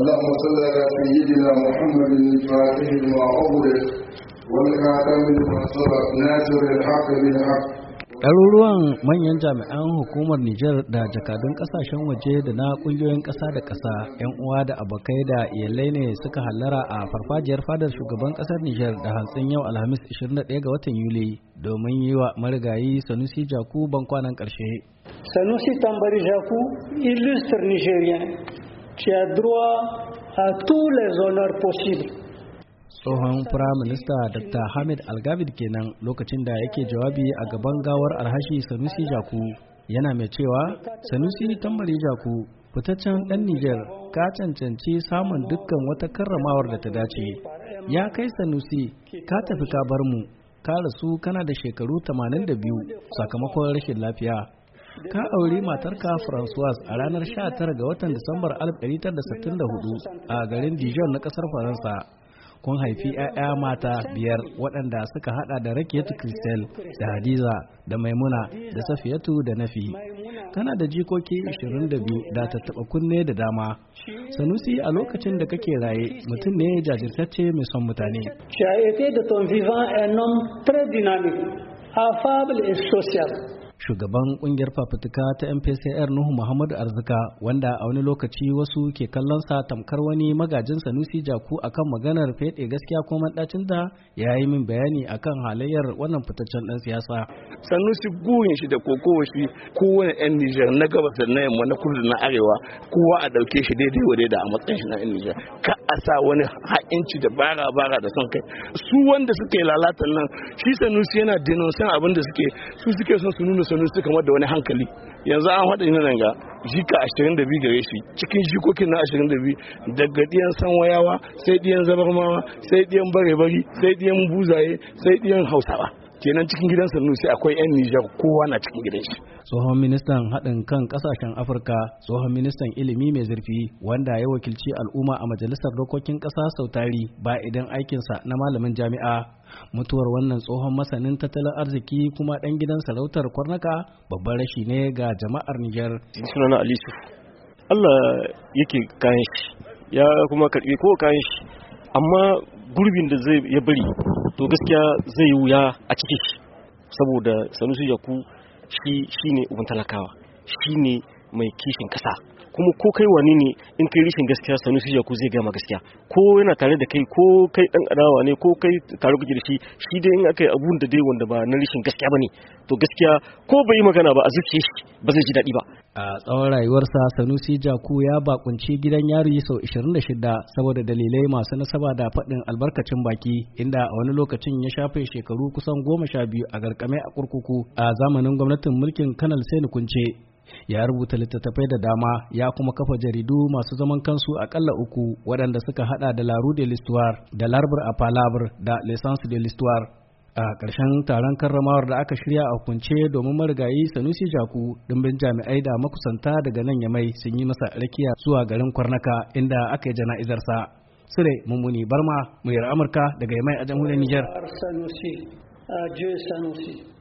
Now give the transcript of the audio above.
اللهم صل على سيدنا محمد الفاتح لما أغلق والخاتم لما سبق ناصر الحق بالحق ɗaruruwan manyan jami'an hukumar Nijar da jakadun ƙasashen waje da na ƙungiyoyin ƙasa da ƙasa 'yan uwa da abokai da iyalai ne suka hallara a farfajiyar fadar shugaban ƙasar Nijar da hantsin yau Alhamis 21 ga watan Yuli domin yi wa marigayi Sanusi Jaku bankwanan ƙarshe. Sanusi Tambari Jaku, illustre Nigerian, qui a droit à tous les honneurs possibles. Tsohon Firaminista Dr. Hamid Algavid kenan lokacin da yake jawabi a gaban gawar alhashi Sanusi Jaku yana mai cewa Sanusi tambari Jaku fitaccen ɗan Nijar ka cancanci samun dukkan wata karramawar da ta dace. Ya kai Sanusi ka tafi ka bar mu ka rasu kana da shekaru 82 sakamakon rashin lafiya. ka auri matarka francois a ranar 19 ga watan Disambar 1964 a garin Dijon na kasar Faransa. Kun haifi 'ya'ya mata biyar waɗanda suka hada da Rakiyatu Kristel da Hadiza da Maimuna da Safiyatu da Nafi. Tana da jikoki 22 da tattaɓa kunne da dama. Sanusi a lokacin da kake raye mutum ne jajirtacce mai son mutane. Shayyate da ton vivant un homme très dynamique, affable et social. shugaban kungiyar fafutuka ta mpcr nuhu muhammadu arzika wanda a wani lokaci wasu ke kallon sa tamkar wani magajin sanusi jaku akan maganar fede gaskiya ko mandacin da ya yi min bayani akan halayyar wannan fitaccen dan siyasa sanusi gurin shi da kokowa shi kowane yan nijar na gabas da na yamma na kudu na arewa kowa a dauke shi daidai wa daidai a matsayin shi na yan nijar ka a sa wani ha'inci da bara bara da son kai su wanda suke lalatan nan shi sanusi yana san abin da suke su suke son su nuna sanusi kamar da wani hankali yanzu an haɗa ina nan ga jika 22 gare shi cikin jikokin na 22 daga diyan sanwayawa sai diyan zabarmawa sai diyan bare-bari sai diyan buzaye sai diyan hausawa kenan cikin gidan sai akwai 'yan nijar kowa na cikin gidan shi tsohon ministan haɗin kan ƙasashen afirka tsohon ministan ilimi mai zurfi wanda ya wakilci al'umma a majalisar dokokin ƙasa sau tari ba idan aikinsa na malamin jami'a mutuwar wannan tsohon masanin tattalin arziki kuma ɗan gidan sarautar kwarnaka babban rashi ne ga jama'ar nijar sunana alisu allah yake kayan shi ya kuma karbi ko kayan shi amma gurbin da zai ya bari to gaskiya zai yi wuya a ciki saboda sanusi yaku shi shine ubun talakawa shine mai kishin kasa kuma ko kai wani ne in kai rishin gaskiya sanusi Jaku ku zai gama gaskiya ko yana tare da kai ko kai dan adawa ne ko kai tare kuke da shi shi dai in aka yi abun da dai wanda ba na rishin gaskiya bane to gaskiya ko bai yi magana ba a zuke shi ba zai ji daɗi ba a tsawon rayuwarsa sanusi jaku ya bakunci gidan yari sau 26 saboda dalilai masu nasaba da faɗin albarkacin baki inda a wani lokacin ya shafe shekaru kusan goma sha biyu a garkame a kurkuku a zamanin gwamnatin mulkin kanal sai kunce ya rubuta littattafai da dama ya kuma kafa jaridu masu zaman kansu akalla uku waɗanda suka hada da laru de l'histoire da larbur a palabre da l'essence de l'histoire a ƙarshen taron karramawar da aka shirya a kunce domin marigayi sanusi jaku dimbin jami'ai da makusanta daga nan yamai sun yi masa rakiya zuwa garin kwarnaka inda aka yi jana'izarsa sire mummuni barma muyar amurka daga yamai a jamhuriyar niger sanusi